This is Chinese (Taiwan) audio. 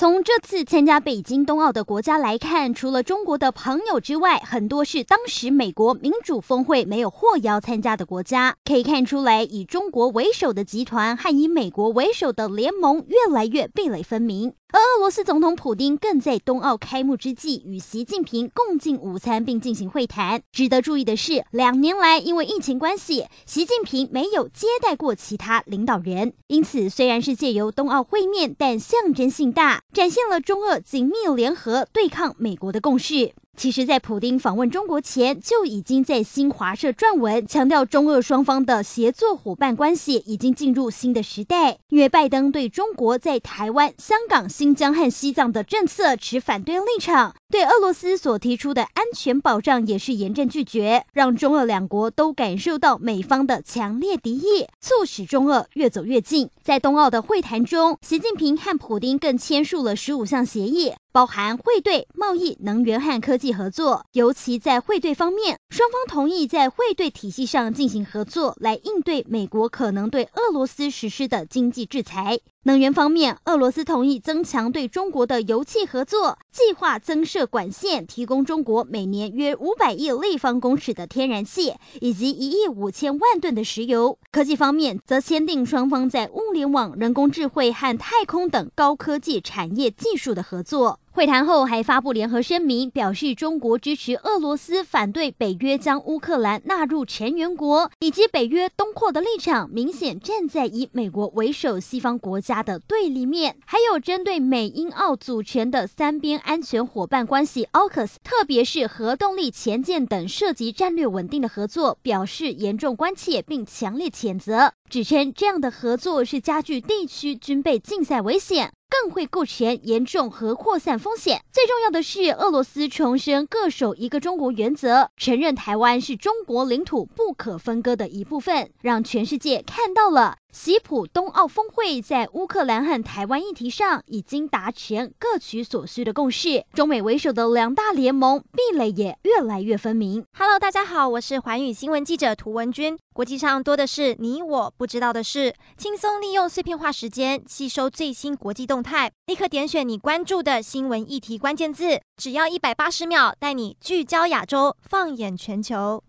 從這次參加北京冬奧的國家來看，除了中國的朋友之外，很多是當時美國民主峰會沒有獲邀參加的國家。可以看出來，以中國為首的集團和以美國為首的聯盟越來越壁壘分明。而俄羅斯總統普丁更在冬奧開幕之際與習近平共進午餐並進行會談。值得注意的是，兩年來因為疫情關係，習近平沒有接待過其他領導人，因此雖然是借由冬奧會面，但象徵性大。展現了中俄緊密聯合對抗美國的共識。其實，在普丁訪問中國前，就已經在新華社撰文強調，中俄雙方的協作夥伴關係已經進入新的時代。因為拜登對中國在台灣、香港、新疆和西藏的政策持反對立場。對俄羅斯所提出的安全保障也是嚴正拒絕，讓中俄兩國都感受到美方的強烈敵意，促使中俄越走越近。在冬奧的會談中，習近平和普丁更簽署了十五項協議，包含匯兌貿易、能源和科技合作。尤其在匯兌方面，雙方同意在匯兌體系上進行合作，來應對美國可能對俄羅斯實施的經濟制裁。能源方面，俄羅斯同意增強對中國的油氣合作，計劃增設。管線提供中國每年約五百億立方公尺的天然氣，以及一億五千萬噸的石油。科技方面則簽訂雙方在物聯網、人工智能和太空等高科技產業技術的合作。會談後還發布聯合聲明，表示中國支持俄羅斯反對北約將烏克蘭納入成員國以及北約東擴的立場，明顯站在以美國為首西方國家的對立面。還有針對美英澳主權的三邊安全伙伴關係，奧克斯，特別是核動力潛艦等涉及戰略穩定的合作，表示嚴重關切並強烈譴責，指稱這樣的合作是加劇地區軍備競賽危險，更會構成嚴重核擴散風險。最重要的是，俄羅斯重申恪守一個中國原則，承認台灣是中國領土不可分割的一部分，讓全世界看到了。習普冬奧峰會在烏克蘭和台灣議題上已經達成各取所需的共識，中美為首的兩大聯盟壁壘也越來越分明。Hello，大家好，我是寰宇新聞記者涂文君。國際上多的是你我不知道的事，輕鬆利用碎片化時間吸收最新國際動態，立刻點選你關注的新聞議題關鍵字，只要一百八十秒，帶你聚焦亞洲，放眼全球。